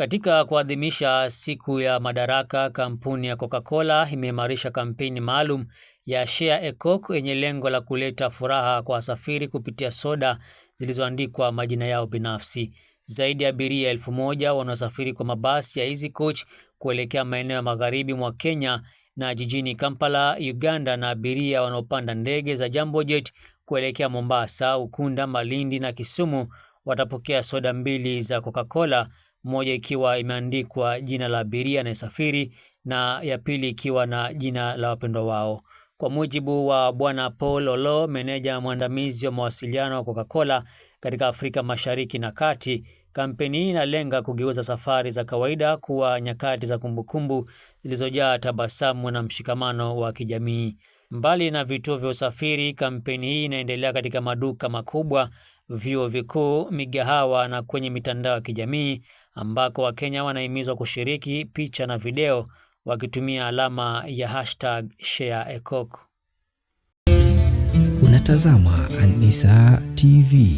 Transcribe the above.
Katika kuadhimisha siku ya madaraka, kampuni ya Coca-Cola imeimarisha kampeni maalum ya Share a Coke yenye lengo la kuleta furaha kwa wasafiri kupitia soda zilizoandikwa majina yao binafsi. Zaidi ya abiria elfu moja wanaosafiri kwa mabasi ya Easy Coach kuelekea maeneo ya magharibi mwa Kenya na jijini Kampala, Uganda, na abiria wanaopanda ndege za Jambo Jet kuelekea Mombasa, Ukunda, Malindi na Kisumu watapokea soda mbili za Coca-Cola moja ikiwa imeandikwa jina la abiria anayesafiri na ya pili ikiwa na jina la wapendwa wao. Kwa mujibu wa Bwana Paul Olo, meneja mwandamizi wa mawasiliano wa Coca-Cola katika Afrika Mashariki na Kati, kampeni hii inalenga kugeuza safari za kawaida kuwa nyakati za kumbukumbu zilizojaa tabasamu na mshikamano wa kijamii. Mbali na vituo vya usafiri, kampeni hii inaendelea katika maduka makubwa vyuo vikuu, migahawa na kwenye mitandao ya kijamii ambako Wakenya wanahimizwa kushiriki picha na video wakitumia alama ya hashtag #ShareACoke. Unatazama Anisa TV.